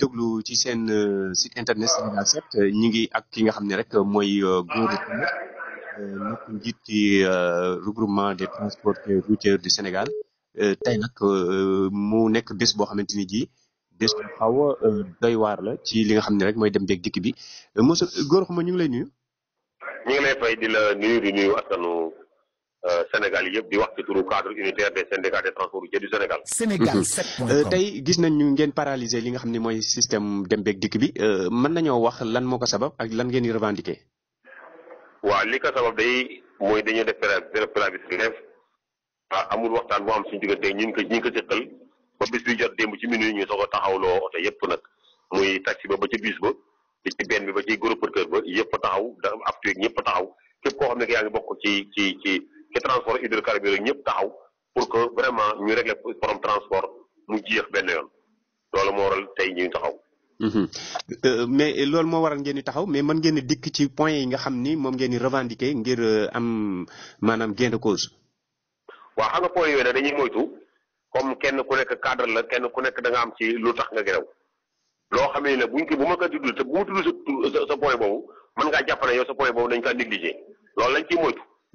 déglu ci seen euh, site internet Sénégal 7 euh, ñi ngi ak ki nga xam ne rek mooy euh, Gora ci regroupement des transports routiers du Sénégal tey nag mu nekk bés boo xamante ni ji bés bu xaw a doy waar la ci li nga xam ne rek mooy dem beeg dikk bi monsieur Gora Xuma ñu ngi lay nuyu. ñu ngi lay fay di nuyu di nuyu askanu. Euh, Sénégal yëpp di wax ci turu cadre unitaire des syndicats des du Sénégal. Sénégal mhm. euh, tey gis nañ ñu ngeen paralyser li nga xam ne mooy système dem beeg dikk bi euh, mën nañoo wax lan moo ko sabab ak lan ngeen di revendiquer. waaw li ko sabab day mooy dañoo def préavis ah, amul waxtaan bu am suñu diggante ñu ko ñu ngi ko seqal ba bis bi jot démb ci minuit ñu soog a taxawloo oto yépp nag muy taxi ba ba ci bus ba ba ci benn bi ba ci gros porteur ba yëpp taxaw da ñëpp taxaw képp koo xam ne yaa bokk ci transport hydrocarbures ñëpp taxaw pour que vraiment ñu régler problème transport mu jeex benn yoon loolu moo waral tey ñuy taxaw. Mhm. Euh, mais loolu moo waral ngeen di taxaw mais mën ngeen di dikk ci point yi nga xam ni moom ngeen di revendiquer ngir euh, am maanaam gain de cause. waaw xam point yooyu nag dañuy moytu comme kenn ku nekk cadre la kenn ku nekk da am ci lu tax nga gërëw loo xam ne buñ bu ma ko tuddul te bu ma tuddul sa sa point boobu mën ngaa jàpp ne yow sa point boobu dañ ko négligé loolu lañ ciy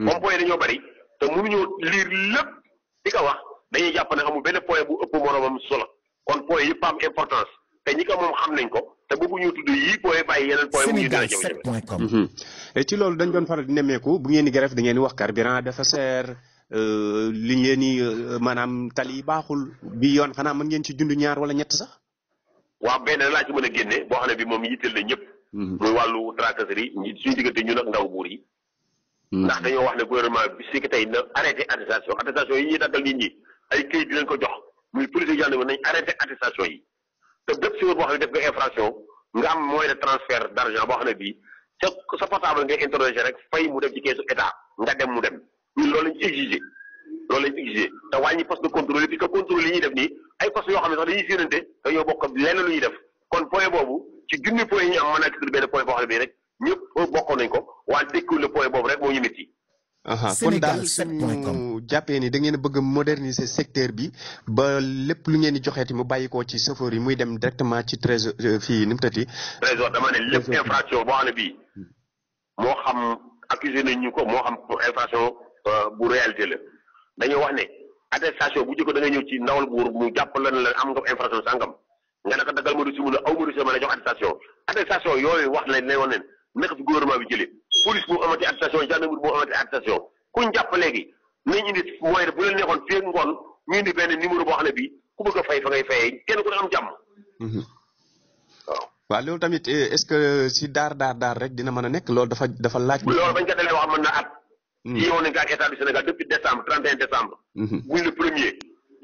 Mm. moom booy dañoo bari te mënuñoo liir lépp di ko wax dañuy jàpp ne amul benn point bu ëpp moromam solo kon point yëpp am importance te ñi ko moom xam nañ ko te bëgguñu tudd yii point bàyyi mm-hmm. ci loolu dañ doon faral di nemmeeku bu ngeen di grève da ngeen di wax carburant dafa seer euh, li ngeen ni euh, maanaam tali yi baaxul bi yoon xanaa mën ngeen ci dund ñaar wala ñett sax waaw benn laa ci mën a génne boo xam ne bi moom yitteel na ñëpp mm-hmm. muy wàllu tracasserie suñu diggante ñun yi Mm. ndax dañoo wax ne gouvernement bi si tey na arrêté attestation attestation yi ñuy daggal nit ñi ay këyit dinañ ko jox muy police gendarmerie nañ arrêté attestation yi te bépp si boo xam ne def nga d' mu def ci keesu état dem mu dem ñun loolu lañ ci exigé loolu lañ ci exigé te wàññi poste de contrôle puisque contrôle yi ñuy def nii ay postes yoo xam ne sax dañuy firante dañoo bokk lenn lu def kon point boobu ci junni point ñu am mën a tudd benn point boo xam ne bii rek ñëpp bokkoon ko wante dékkuwul point boobu rek moo ñu métti. kon daal suñu jàppee ni da ngeen bëgg a moderniser secteur bi ba lépp lu ngeen di joxeeti mu bàyyi ko ci chauffeur yi muy dem directement ci trésor ni euh, mu tëddee. trésor dama ne lépp infraction boo xam ne bii hmm. ñu ko moo xam infraction euh, bu réalité la dañuy wax ne attestation bu jëkk da nga ñëw ci ndawal buur mu jàpp lan la am nga infraction sangam nga ne ko daggal ma du si mun a aw ma du si mën a jox attestation attestation yooyu wax nañ police bu mu amati arrestation gendarmerie bu mu amati arrestation kuñ jàpp léegi nañ indi mooy bu leen neexoon fii ak ngoon ñu indi benn numéro boo xam ne bii ku bëgg a fay fa ngay fayee kenn ku ne am jàmm. Mhm. waaw. loolu tamit eh, est-ce que si daar daar daar rek dina mën a nekk loolu dafa dafa laaj. loolu bañ ko dalee wax mën na at. ci mhm. yow nañ a ak état du Sénégal depuis décembre 31 décembre. buñ mhm. le premier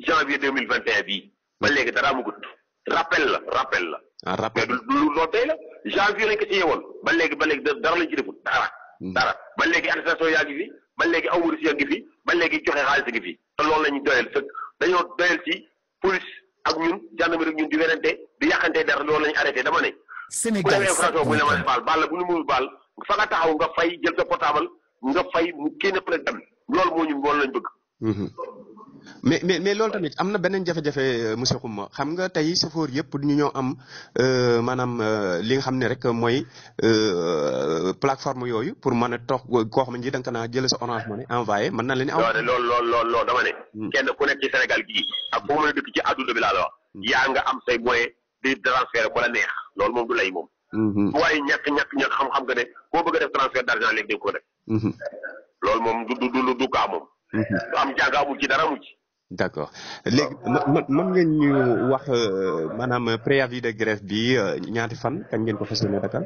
janvier 2021 bii. ba léegi dara amagut. rappel la rappel la. ah rappel loolu tey la. janvier lañ ko signé woon ba léegi ba léegi dara lañ ci deful dara. Hmm. dara ba léegi attestation yaa ngi fi ba léegi awurus yaa ngi fi ba léegi joxe xaalis ngi fi te loolu la ñu doyal sëg dañoo doyal ci police ak ñun gendarmerie ñun di werante di yàqante dara loolu la ñu arrêté dama ne. Sénégal ku demee infraction bu la mën a baal baal la bu ñu mënul baal fa nga taxaw nga fay jël sa portable nga fay mu génn dem loolu moo ñu loolu lañ bëgg. Hmm. mais mais mais loolu tamit am na beneen jafe-jafe euh, monsieur Xuma xam nga tey chauffeur yëpp ñu ñoo am euh, maanaam euh, li nga xam ne rek mooy plateforme yooyu pour mën a toog koo xam ne ji da nga naa jël sa orange money envoyé mën na leen. am loolu loolu loolu loolu dama ne. Hmm. kenn ku nekk bi laa la wax. Hmm. nga am say moyen di la neex loolu moom lay moom. Hmm, waaye ñàkk ñàkk ne a def transfert d'argent ko def. loolu moom du am jàng amul dara mu d' accord léegi mën ngeen ñu wax euh, maanaam préavis de grève bi euh, ñaati fan kañ ngeen ko fas a dakkal.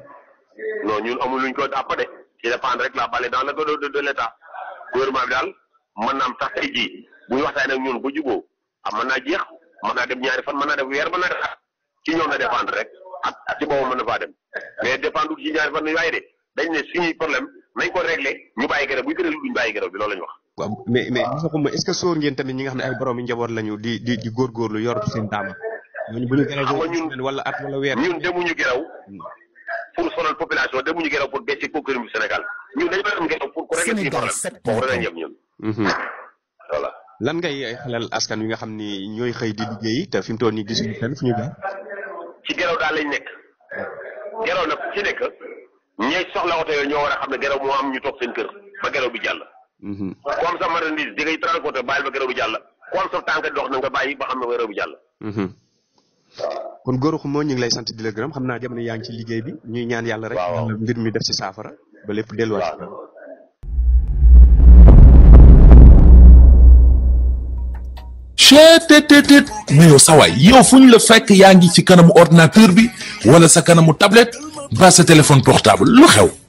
non ñun amul luñ ko àpp de ci dépendre rek la balle dans la dos de l' état gouvernement bi daal mën naa am sax tey jii bu ñu waxtaanee ak ñun bu juboo ah mën naa jeex mën naa dem ñaari fan mën naa def weer mën naa def ci ñoom dépendre rek ak ci boobu mën na faa dem mais dépendre ci ñaari fan yu waaye de dañ ne suñuy problème nañ ko réglé ñu bàyyi grève bu ñu ko réglé duñ bàyyi grève bi loolu la ñu wax. waaw mais mais xuma est-ce que sóor ngeen tamit ñi nga xam ne ay boroomi yi njaboot lañu di di di góorgóorlu yor seen daama. ñooñu bu ñu gërëm wala at wala weer. ñun demuñu gërëw. pour sonal population demuñu gërëw pour bési kooku réew mi Sénégal ñun dañu doon gërëw pour. Sénégal set pour régler suñu problème ngay xelal askan wi nga xam ni ñooy xëy di liggéey te fi mu toll nii gisuñu fenn fu ñu daal. ci gërëw daal lañ nekk. gërëw nag ci nekk ñooy soxla oto yooyu ñoo war a xam ne gërëw moo am ñu toog seen kër ba gërëw bi jàll Mhm. comme sa marchandise di ngay transporté bàyyil ba gërëbu jàll comme sa tànk dox nga bàyyi ba xam ne jàll mhm. kon Gora Khouma ñu ngi lay sant di la gërëm xam naa jamono yaa ngi ci liggéey bi ñuy ñaan yàlla rek mbir mi def ci saafara ba lépp delluwaat cttt mais yow sawaay yow fu ñu la fekk yaa ngi ci kanamu ordinateur bi wala sa kanamu tablette ba sa téléphone portable lu xew